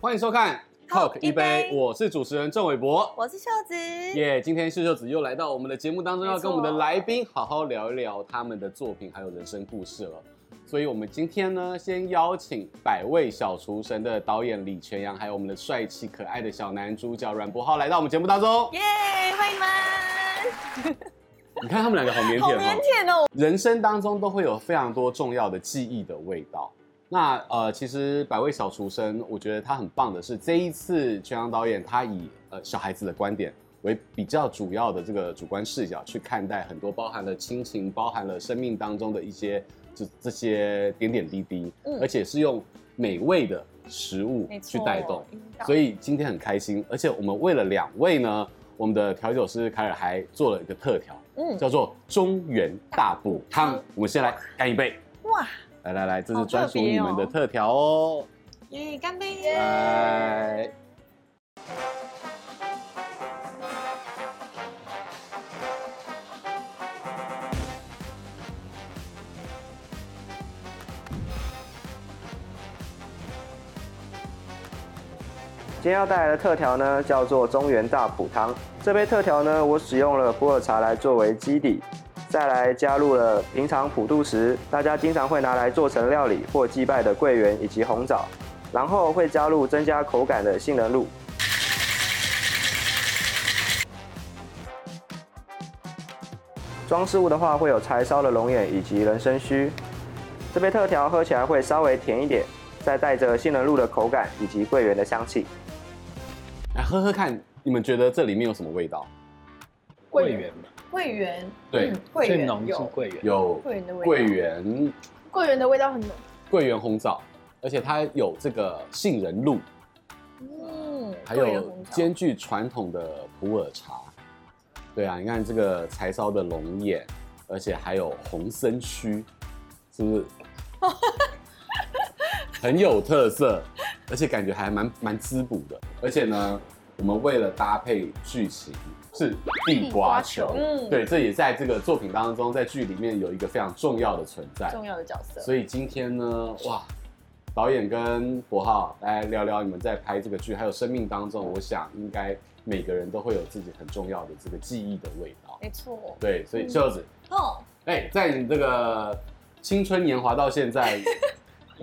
歡迎收看《Talk 一杯》，我是主持人鄭偉博，我是秀子。耶，yeah，今天秀秀子又來到我們的節目當中，要跟我們的來賓好好聊一聊他們的作品還有人生故事了。所以，我們今天呢，先邀請《百味小廚神》的導演李全陽，還有我們的帥氣可愛的小男主角阮柏皓，來到我們節目當中。耶、yeah，歡迎你們！ 你看他們兩個好靦腆嗎？好靦腆哦。人生當中都會有非常多重要的記憶的味道。那呃，其實《百味小廚神》，我覺得他很棒的是，這一次全陽導演他以呃小孩子的觀點為比較主要的這個主觀視角去看待很多包含了親情、包含了生命當中的一些。就這些點點滴滴，嗯，而且是用美味的食物去帶動，所以今天很開心。而且我們為了兩位呢，我們的調酒師凱爾還做了一個特調，嗯，叫做中元大補湯。我們先來乾一杯，哇！來來來，這是專屬於你們的特調哦。耶、哦，乾、yeah, 杯！Yeah. 今天要帶來的特調呢，叫做中元大補湯。這杯特調呢，我使用了普洱茶來作為基底，再來加入了平常普度時大家經常會拿來做成料理或祭拜的桂圓以及紅棗，然後會加入增加口感的杏仁露。裝飾物的話會有柴燒的龍眼以及人參鬚。這杯特調喝起來會稍微甜一點。再帶着杏仁露的口感以及桂圓的香氣，來喝喝看，你們覺得這裡面有什麼味道？桂圓，桂圓，桂圓對、嗯，桂圓有桂圓，有桂圓的味道，桂圓，桂圓的味道很濃，桂圓紅棗，而且它有這個杏仁露、嗯，還有兼具傳統的普洱茶，對啊，你看這個柴燒的龍眼，而且還有紅參鬚，是不是？ 很有特色，而且感覺還蠻蠻滋補的。而且呢，我們為了搭配劇情，是地瓜球。嗯，對，這也在這個作品當中，在劇裡面有一個非常重要的存在。重要的角色。所以今天呢，哇，導演跟柏皓來聊聊你們在拍這個劇，還有生命當中，我想應該每個人都會有自己很重要的這個記憶的味道。沒錯。對，所以秀、就、子、是嗯。哦、欸。在你這個青春年華到現在。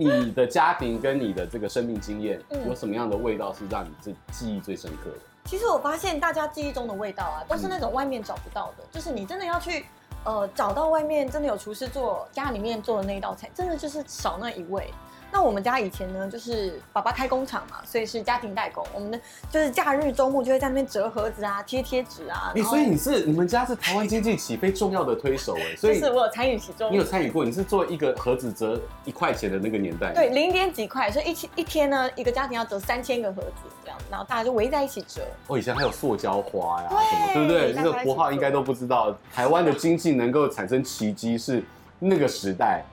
你的家庭跟你的這個生命經驗，有什麼樣的味道是讓你最記憶最深刻的？嗯，其實我發現大家記憶中的味道啊，都是那種外面找不到的，嗯，就是你真的要去，呃，找到外面真的有廚師做，家裡面做的那一道菜，真的就是少那一味。那我們家以前呢，就是爸爸開工廠嘛，所以是家庭代工。我們的就是假日周末就會在那邊折盒子啊，貼貼紙啊。你、欸、所以你是你們家是台灣經濟起飛重要的推手哎、欸，所以是我有參與其中。你有參與過？你是做一個盒子折一塊錢的那個年代？對，零點幾塊，所以一一天呢，一個家庭要折三千個盒子這樣，然後大家就圍在一起折、欸。欸、哦，以前還有塑膠花呀、啊，什麼對，對不對？那個國號應該都不知道台灣的經濟能夠產生奇蹟是那個時代。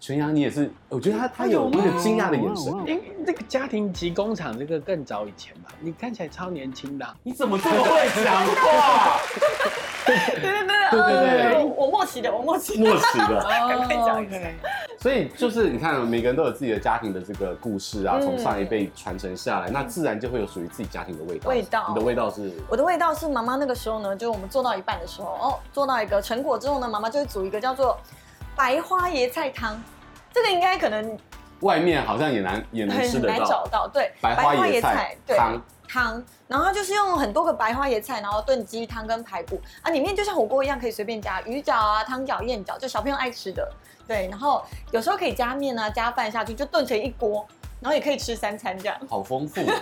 純陽，你也是，我覺得他他有那個驚訝的眼神、欸。因為這個家庭及工廠，這個更早以前吧。你看起來超年輕的、啊，你怎麼這麼會講話？ 對對對對， 對對對對對對對，對。我我默契的，我默契的，默契的 趕快講一、哦。默契的。所以就是你看，每個人都有自己的家庭的這個故事啊，從上一輩傳承下來，那自然就會有屬於自己家庭的味道。味，味道。你的味道是？我的味道是媽媽那個時候呢，就是我們做到一半的時候，哦，做到一個成果之後呢，媽媽就會煮一個叫做，白花椰菜湯，這個應該可能外面好像也難，也能吃得到。很難找到，對。白花椰菜，花椰菜，菜對湯，湯，然後就是用很多個白花椰菜，然後燉雞湯，湯跟排骨啊，裡面就像火鍋一樣，可以隨便加魚餃啊、湯餃、燕餃，就小朋友愛吃的。對，然後有時候可以加麵啊、加飯下去，就燉成一鍋，然後也可以吃三餐這樣。好豐富。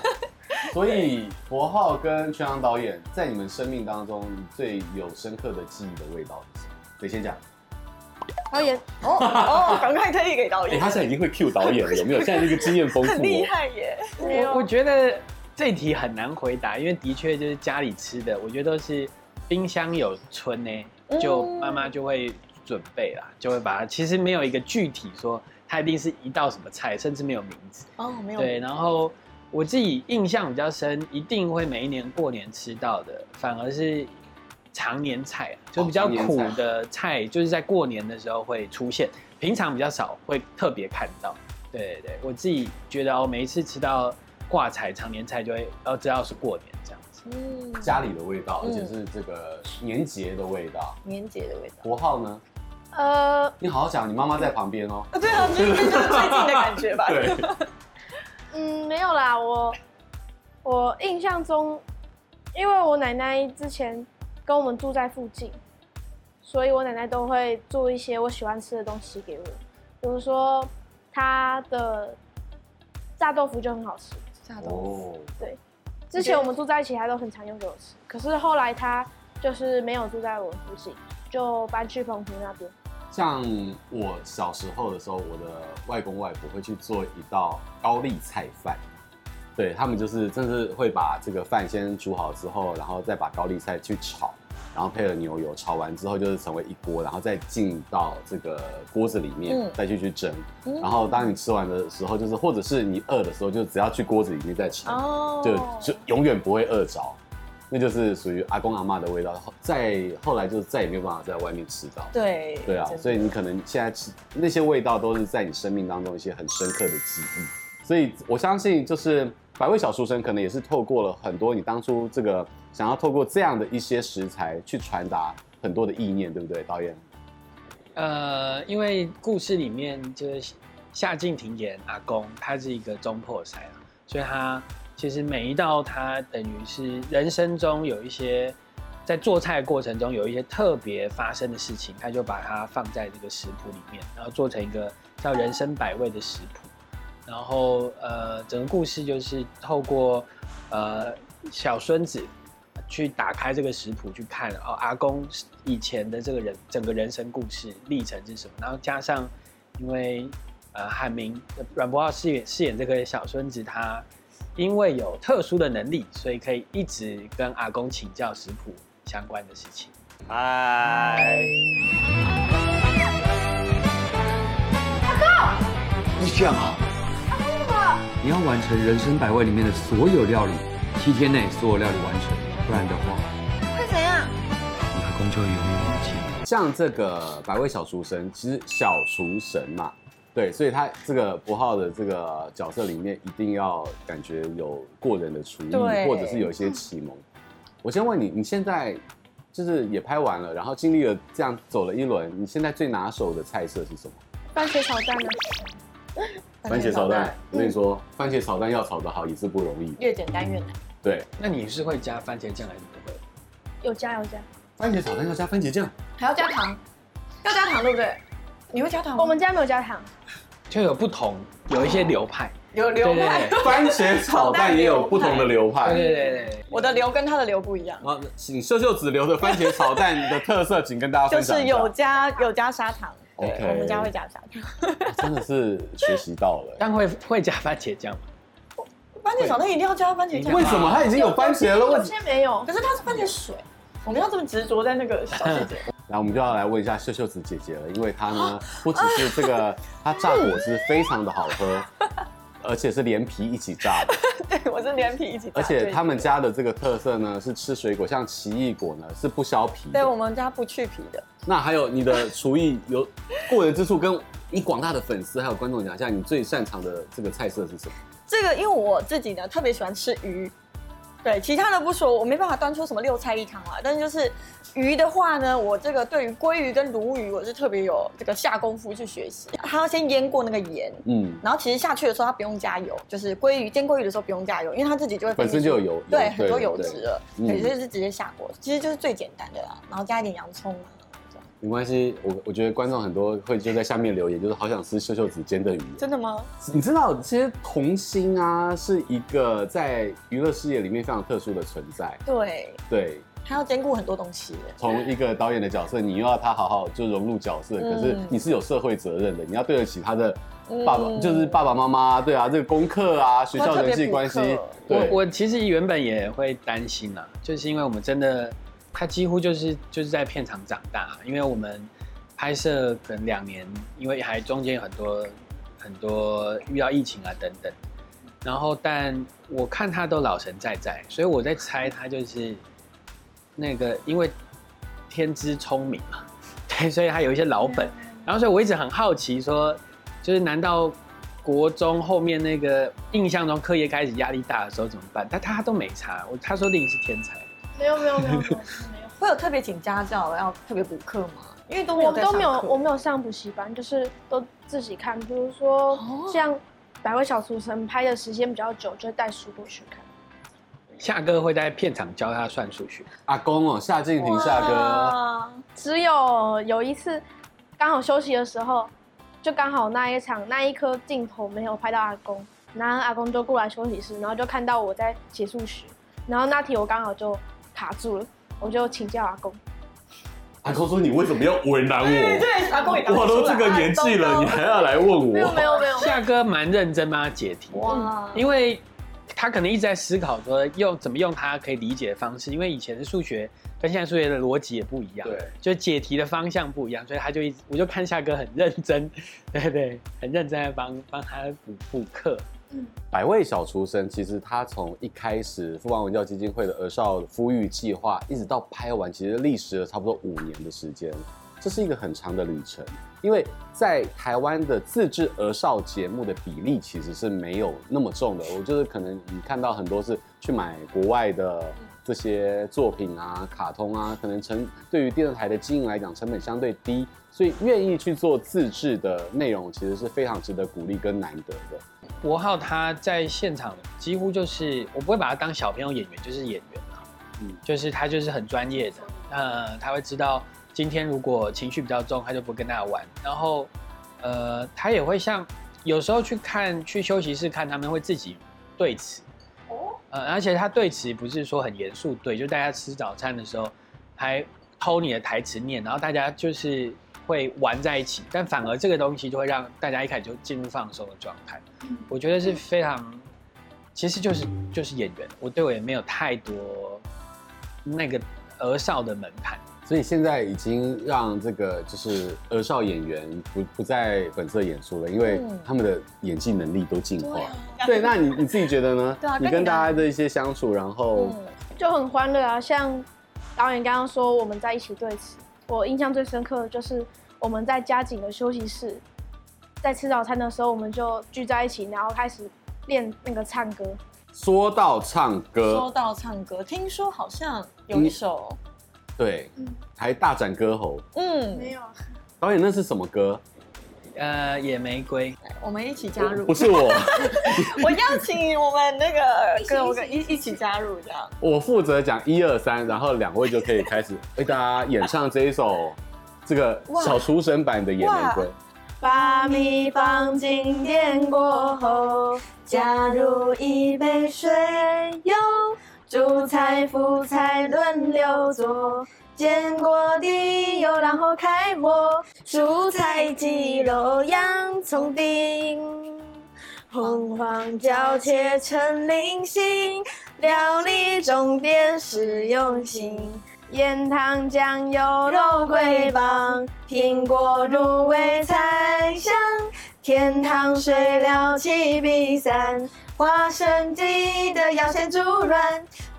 所以，柏皓跟全陽導演，在你們生命當中，最有深刻的記憶的味道，就是所以先講。導演哦哦，趕、 哦、快推給導演、欸。他是已經會 cue 導演了， 有沒有？現在那個經驗豐富、哦，很厲害耶我。我覺得這一題很難回答，因為的確就是家裡吃的，我覺得都是冰箱有春呢、欸，就媽媽就會準備啦、嗯，就會把它。其實沒有一個具體說它一定是一道什麼菜，甚至沒有名字哦，沒有。對，然後我自己印象比較深，一定會每一年過年吃到的，反而是。長年菜，啊、就比較苦的菜，就是在過年的時候會出現，平常比較少會特別看到。對，對對，我自己覺得，我每一次吃到掛菜、長年菜，就會哦，知道是過年這樣子，嗯，家裡的味道，而且是這個年節的味道，年節的味道。國號呢？呃，你好好講，你媽媽在旁邊哦。啊，對啊，就是最近的感覺吧。對 嗯，沒有啦，我我印象中，因為我奶奶之前。跟我們住在附近，所以我奶奶都會做一些我喜歡吃的東西給我，比如說她的炸豆腐就很好吃。炸豆腐，oh. 對。之前我們住在一起，她都很常用給我吃。Okay. 可是後來她就是沒有住在我附近，就搬去澎湖那邊。像我小時候的時候，我的外公外婆會去做一道高麗菜飯。對，他們就是，真的是會把這個飯先煮好之後，然後再把高麗菜去炒，然後配了牛油，炒完之後就是成為一鍋，然後再進到這個鍋子裡面、嗯、再去去蒸，然後當你吃完的時候，就是或者是你餓的時候，就只要去鍋子裡面再吃，哦、就就永遠不會餓着，那就是屬於阿公阿嬤的味道。再後來就再也沒有辦法在外面吃到，對，對啊，所以你可能現在吃那些味道都是在你生命當中一些很深刻的記憶。所以，我相信就是百味小廚神，可能也是透過了很多你當初這個想要透過這樣的一些食材去傳達很多的意念，對不對，導演？呃，因為故事裡面就是夏靖庭演阿公，他是一個總舖師啊，所以他其實每一道，他等於是人生中有一些在做菜過程中有一些特別發生的事情，他就把它放在這個食譜裡面，然後做成一個叫人生百味的食譜。然後，呃，整個故事就是透過，呃，小孫子去打開這個食譜去看，哦，阿公以前的這個人整個人生故事歷程是什麼？然後加上，因為，呃，海明、阮柏皓飾演飾演這個小孫子，他因為有特殊的能力，所以可以一直跟阿公請教食譜相關的事情。哎，阿公，你這樣啊。你要完成人生百味裡面的所有料理，七天內所有料理完成，不然的話會怎樣？你的公車有沒有關係？像這個百味小廚神，其實小廚神嘛，對，所以他這個柏皓的這個角色裡面，一定要感覺有過人的廚藝，或者是有一些啟蒙。我先問你，你現在就是也拍完了，然後經歷了這樣走了一輪，你現在最拿手的菜色是什麼？番茄炒蛋呢。番茄炒蛋，我跟你說，番茄炒蛋要炒得好也是不容易，越簡單越難。對，那你是會加番茄醬還是不會？有加有加。番茄炒蛋要加番茄醬，還要加糖，要加糖對不對？你會加糖？我們家沒有加糖。就有不同，有一些流派。哦、有流派。對對對 番茄炒蛋也有不同的流派。 對，對對對。我的流跟他的流不一樣。好，請秀秀子流的番茄炒蛋的特色， 請跟大家分享。就是有加有加砂糖。我們家會加番茄醬，真的是學習到了。 但會會加番茄醬嗎？番茄炒蛋一定要加番茄醬？為什麼它已經有番茄了？我之前沒有，可是它是番茄水。 我們要這麼執着在那個小細節？ 然後我們就要來問一下秀秀子姐姐了，因為她呢不只是這個，她榨果汁非常的好喝。 嗯而且是連皮一起炸的， 對，我是連皮一起炸的。而且他們家的這個特色呢，是吃水果，像奇異果呢是不削皮，對，我們家不去皮的。那還有你的廚藝有過人之處，跟你廣大的粉絲還有觀眾講一下，你最擅長的這個菜色是什麼？這個，因為我自己呢特別喜歡吃魚。對，其他的不說，我沒辦法端出什麼六菜一湯啊。但是就是魚的話呢，我這個對於鮭魚跟鱸魚，我是特別有這個下功夫去學習。它要先醃過那個鹽，嗯，然後其實下去的時候它不用加油，就是鮭魚煎鮭魚的時候不用加油，因為它自己就會本身就有油，對，很多油脂了，所以，嗯，是直接下鍋，其實就是最簡單的了，然後加一點洋蔥。沒關係，我我覺得觀眾很多會就在下面留言，就是好想吃秀秀子煎的魚。真的嗎？你知道，其實童星啊，是一個在娛樂事業裡面非常特殊的存在。對對，他要兼顧很多東西。從一個導演的角色，你又要他好好就融入角色，嗯，可是你是有社會責任的，你要對得起他的爸爸，嗯，就是爸爸媽媽，啊，對啊，這個功課啊，學校人際關係。我我其實原本也會擔心吶，啊，就是因為我們真的。他幾乎就是就是在片場長大，因為我們拍攝可能兩年，因為還中間有很多很多遇到疫情啊等等，然後但我看他都老神在在，所以我在猜他就是那個因為天資聰明嘛，對，所以他有一些老本，然後所以我一直很好奇說，就是難道國中後面那個印象中，課業開始壓力大的時候怎麼辦？但他都沒差，他說另一是天才。沒有沒有沒有沒有，沒有沒有沒有沒有，會有特別請家教，要特別補課嗎？因為都我都沒有，我沒有上補習班，就是都自己看。比、就、如、是、說，像《哦、百味小廚神》拍的時間比較久，就會帶書過去看。夏哥會在片場教他算數學。阿公哦，夏靖庭，夏哥。只有有一次剛好休息的時候，就剛好那一場那一顆鏡頭沒有拍到阿公，然後阿公就過來休息室，然後就看到我在寫數學，然後那題我剛好就。卡住了，我就請教阿公。阿公說：“你為什麼要為難我？ 嗯、對，對，阿公我都這個年紀了、啊、了，你還要來問我？”沒有沒有，沒有。夏哥蠻認真幫他解題，哇！因為他可能一直在思考說用，用怎麼用他可以理解的方式，因為以前的數學跟現在數學的邏輯也不一樣，對，就解題的方向不一樣，所以他就一直我就看夏哥很認真，對對，對，很認真在幫幫他補補課。百味小廚神。其實他從一開始富邦文教基金會的兒少孵育計劃，一直到拍完，其實歷時了差不多五年的時間。這是一個很長的旅程，因為在台灣的自制兒少節目的比例其實是沒有那麼重的。我就是可能你看到很多是去買國外的這些作品啊、卡通啊，可能成對於電視台的經營來講成本相對低，所以願意去做自制的內容，其實是非常值得鼓勵跟難得的。柏皓他在現場幾乎就是，我不會把他當小朋友演員，就是演員嗯，就是他就是很專業的，呃，他會知道今天如果情緒比較重，他就不會跟大家玩，然後，呃，他也會像有時候去看去休息室看，他們會自己對詞，呃，而且他對詞不是說很嚴肅對，就大家吃早餐的時候還偷你的台詞念，然後大家就是。會玩在一起，但反而這個東西就會讓大家一開始就進入放鬆的狀態，嗯。我覺得是非常，其實就是就是演員，我對我也沒有太多那個兒少的門檻。所以現在已經讓這個就是兒少演員不不再本色演出了，因為他們的演技能力都進化，嗯對。對，那你你自己覺得呢，？ 啊？你跟大家的一些相處，然後、嗯、就很歡樂啊。像導演剛剛說，我們在一起對詞。我印象最深刻的就是我們在家錦的休息室，在吃早餐的時候，我們就聚在一起，然後開始練那個唱歌。說到唱歌，說到唱歌，聽說好像有一首，嗯、對、嗯，還大展歌喉。嗯，沒有。導演，那是什麼歌？呃，野玫瑰，我們一起加入。不是我， 我邀請我們那個跟我一一起加入這樣。我負責講一二三，然後兩位就可以開始為大家演唱這一首這個小廚神版的野玫瑰。把米放進電鍋後，加入一杯水，油，主財富財輪流做。見過的有然後開火，蔬菜、雞肉、洋蔥丁，紅黃椒切成菱形，料理重點是用心，鹽、糖、醬油、肉桂棒，蘋果入味菜香，甜湯水料七比三，花生記得要先煮軟。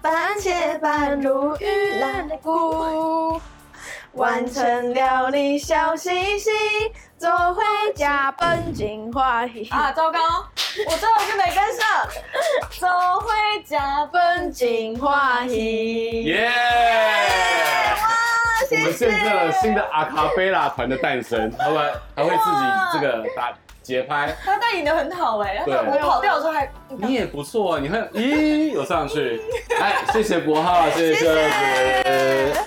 番茄飯如玉蘭菇完成料理小星星，走回家奔進花園。啊，糟糕，我最後一個沒跟上。走回家奔進花園。耶、yeah! yeah!！哇，謝謝。我們見證新的阿卡貝拉團的誕生，他們還會自己這個打。節拍，他帶領得很好哎、欸。對，我跑掉的時候還，你也不錯啊，你有咦、欸、有上去，哎，謝謝柏皓謝謝哥哥謝、謝。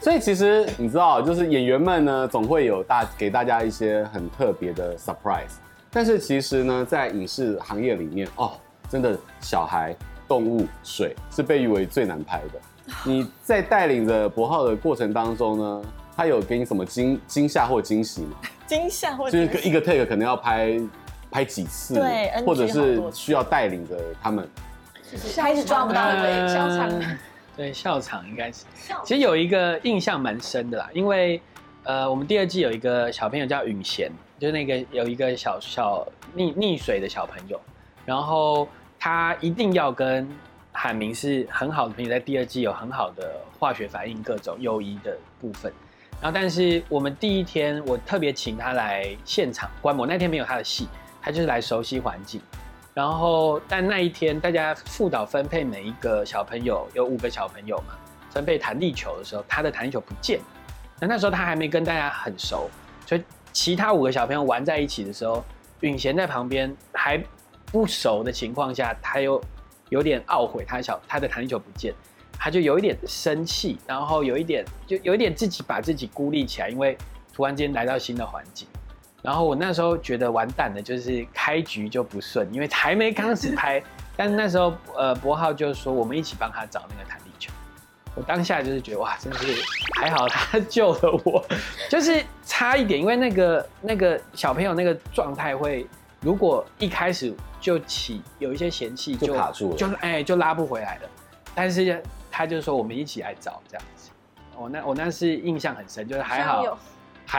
所以其實你知道，就是演員們呢總會有大給大家一些很特別的 surprise。但是其實呢，在影視行業裡面哦，真的小孩、動物、水是被譽為最難拍的。你在帶領着柏皓的過程當中呢？他有給你什麼驚驚嚇或驚喜嗎？驚嚇或者是就是一個一個 take 可能要拍拍幾次，對，或者是需要帶領的他們，是，是還是抓不到那個笑場？對，笑場應該是。其實有一個印象蠻深的啦，因為呃，我們第二季有一個小朋友叫允賢，就是那個有一個小小，小溺溺水的小朋友，然後他一定要跟海明是很好的朋友，在第二季有很好的化學反應，各種友誼的部分。然後，但是我們第一天，我特別請他來現場觀摩。我那天沒有他的戲，他就是來熟悉環境。然後，但那一天大家副導分配每一個小朋友，有五個小朋友嘛，分配彈力球的時候，他的彈力球不見。那那時候他還沒跟大家很熟，所以其他五個小朋友玩在一起的時候，允賢在旁邊還不熟的情況下，他又有點懊悔，他小他的彈力球不見。他就有一點生氣，然後有一點，就有一點自己把自己孤立起來，因為突然間來到新的環境。然後我那時候覺得完蛋的就是開局就不順，因為還沒開始拍。 但是那時候，呃，柏皓就說我們一起幫他找那個彈力球。我當下就是覺得哇，真的是還好他救了我，就是差一點，因為那個那個小朋友那個狀態會，如果一開始就起有一些嫌棄，就卡住了，就是哎就拉不回來了。但是他就是說，我們一起來找這樣子。我、oh, 那我、oh, 那是印象很深，就是還好還，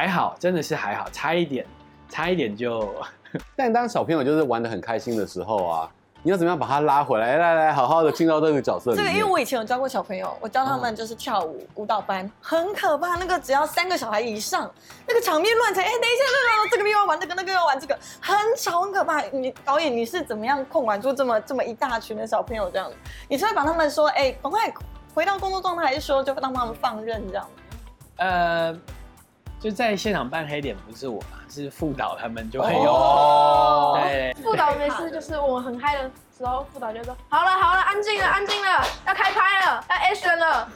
還好，真的是還好，差一點，差一點就。 但當小朋友就是玩得很開心的時候啊。你要怎麼樣把他拉回來？來來來，好好的進到這個角色裡。對，因為我以前有教過小朋友，我教他們就是跳舞、舞、嗯、蹈班，很可怕。那個只要三個小孩以上，那個場面亂成，哎、欸，等一下，那個、這個又要玩，那個那個又要玩，這個很吵，很可怕。你導演，你是怎麼樣控管住這麼這麼一大群的小朋友？這樣，你是，是把他們說，哎、欸，趕快回到工作狀態，還是說就讓他們放任這樣？呃。就在現場扮黑臉不是我嘛，是副導他們就會有、哦。對，對，副導沒事，就是我很嗨的時候，副導就說：“好了好了，安靜了安靜了，要開拍了要 action 了。”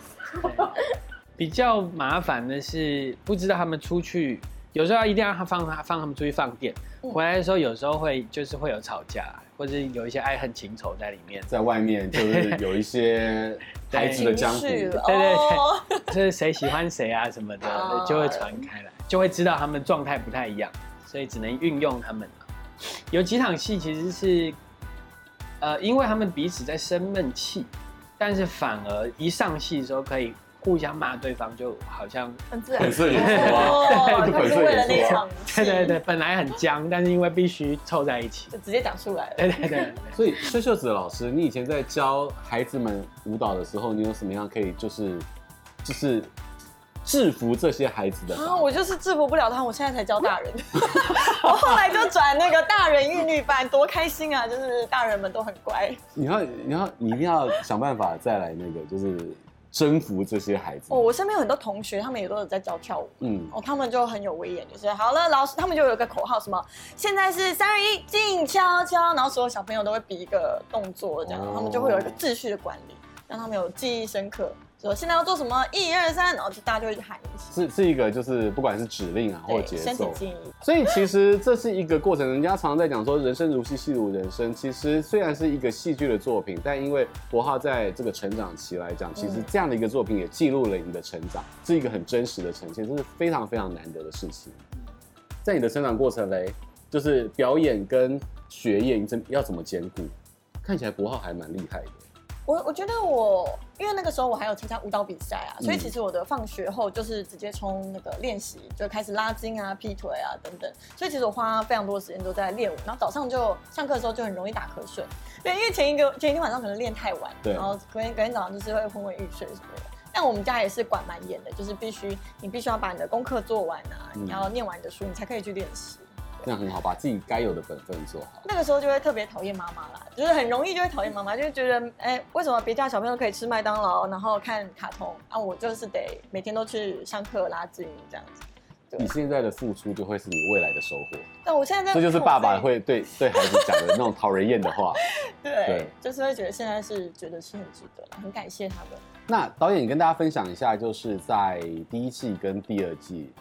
比較麻煩的是，不知道他們出去，有時候一定要放放他們出去放電，回來的時候有時候會就是會有吵架，或者有一些愛恨情仇在裡面。在外面就是有一些孩子的江湖，對對，對。是誰喜歡誰啊什麼的，就會傳開來，就會知道他們狀態不太一樣，所以只能運用他們了。有幾場戲其實是、呃，因為他們彼此在生悶氣，但是反而一上戲的時候可以互相罵對方，就好像很自然，很自然哇，就粉飾了一出。對對對,對，本,啊、 本來很僵，但是因為必須湊在一起，就直接講出來了。對對對,對， 所以秀秀子的老師，你以前在教孩子們舞蹈的時候，你有什麼樣可以就是？就是制服這些孩子的啊，我就是制服不了他，我現在才教大人。 我後來就轉那個大人韻律班，多開心啊！就是大人們都很乖。你要，你要，你一定要想辦法再來那個，就是征服這些孩子。哦，我身邊有很多同學，他們也都有在教跳舞，嗯，哦，他們就很有威嚴，就是好了，老師，他們就有個口號，什麼？現在是三二一，靜悄悄，然後所有小朋友都會比一個動作，這樣、哦、他們就會有一個秩序的管理，讓他們有記憶深刻。我現在要做什麼？一二三，然後就大家就會去喊一下。是是一個，就是不管是指令啊，或者節奏。身體記憶。所以其實這是一個過程。人家常常在講說，人生如戲，戲如人生。其實雖然是一個戲劇的作品，但因為柏皓在這個成長期來講，其實這樣的一個作品也記錄了你的成長，嗯，是一個很真實的呈現，這是非常非常難得的事情。在你的成長過程嘞，就是表演跟學業，你怎要怎麼兼顧？看起來柏皓還蠻厲害的。我我覺得我，因為那個時候我還有參加舞蹈比賽啊，所以其實我的放學後就是直接衝那個練習，就開始拉筋啊、劈腿啊等等，所以其實我花非常多的時間都在練舞，然後早上就上課的時候就很容易打瞌睡，對，因為前一個前一天晚上可能練太晚，然後隔天隔天早上就是會昏昏欲睡什麼的。但我們家也是管蠻嚴的，就是必須你必須要把你的功課做完啊，你要念完你的書，你才可以去練習。這樣很好，把自己該有的本分做好。那個時候就會特別討厭媽媽啦，就是很容易就會討厭媽媽，就是覺得，哎、欸，為什麼別家小朋友可以吃麥當勞，然後看卡通啊，我就是得每天都去上課拉筋這樣子。你現在的付出就會是你未來的收穫。那我現在在這就是爸爸會對對孩子講的那種討人厭的話 對。對，就是會覺得現在是覺得是很值得，很感謝他們。那導演，你跟大家分享一下，就是在第一季跟第二季。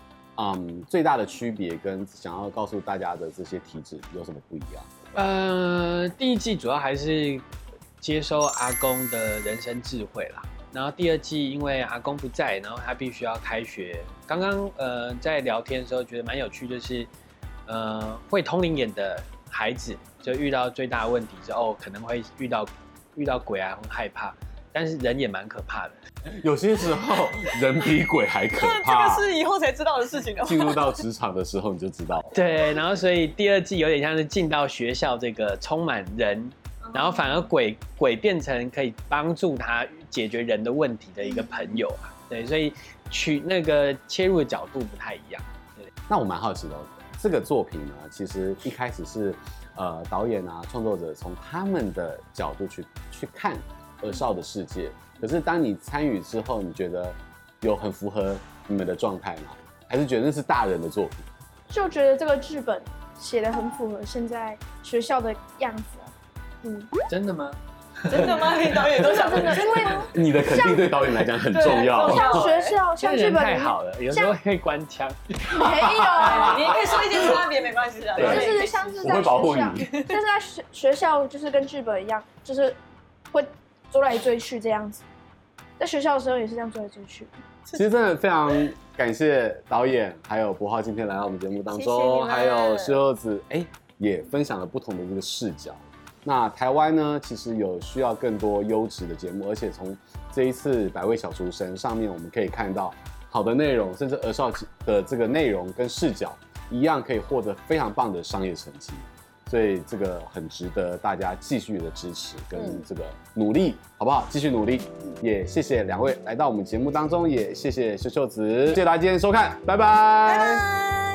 Um, 最大的區別跟想要告訴大家的這些體質有什麼不一樣？呃，第一季主要還是接收阿公的人生智慧啦。然後第二季因為阿公不在，然後他必須要開學。剛剛，呃，在聊天的時候覺得蠻有趣，就是，呃，會通靈眼的孩子就遇到最大的問題之後可能會遇到遇到鬼啊會害怕。但是人也蠻可怕的， 有些時候人比鬼還可怕。這個是以後才知道的事情哦。進入到職場的時候，你就知道了。對，然後所以第二季有點像是進到學校這個充滿人，然後反而鬼鬼變成可以幫助他解決人的問題的一個朋友啊。對，所以取那個切入的角度不太一樣。對。那我蠻好奇的，這個作品呢，其實一開始是呃導演啊創作者從他們的角度去去看。兒少的世界，可是當你參與之後，你覺得有很符合你們的狀態嗎？還是覺得那是大人的作品？就覺得這個劇本寫的很符合現在學校的樣子、啊。嗯，真的嗎？ 真的嗎？導演都像是真的，因為你的肯定對導演來講很重要、喔。像對重要像學校，欸、像劇本太好了，有時候會官腔。 沒有啦， 你也可以說一些差別，沒關係的。就是像是在學校，就是在學學校，就是跟劇本一樣，就是會。追來追去這樣子，在學校的時候也是這樣追來追去。其實真的非常感謝導演還有柏皓今天來到我們節目當中，還有石二子哎，也分享了不同的這個視角。那台灣呢，其實有需要更多優質的節目，而且從這一次百味小廚神上面我們可以看到好的內容，甚至兒少的這個內容跟視角一樣可以獲得非常棒的商業成績。所以這個很值得大家繼續的支持跟這個努力，好不好？繼續努力，也謝謝兩位來到我們節目當中，也謝謝秀秀子，謝謝大家今天收看，拜拜。拜拜拜拜。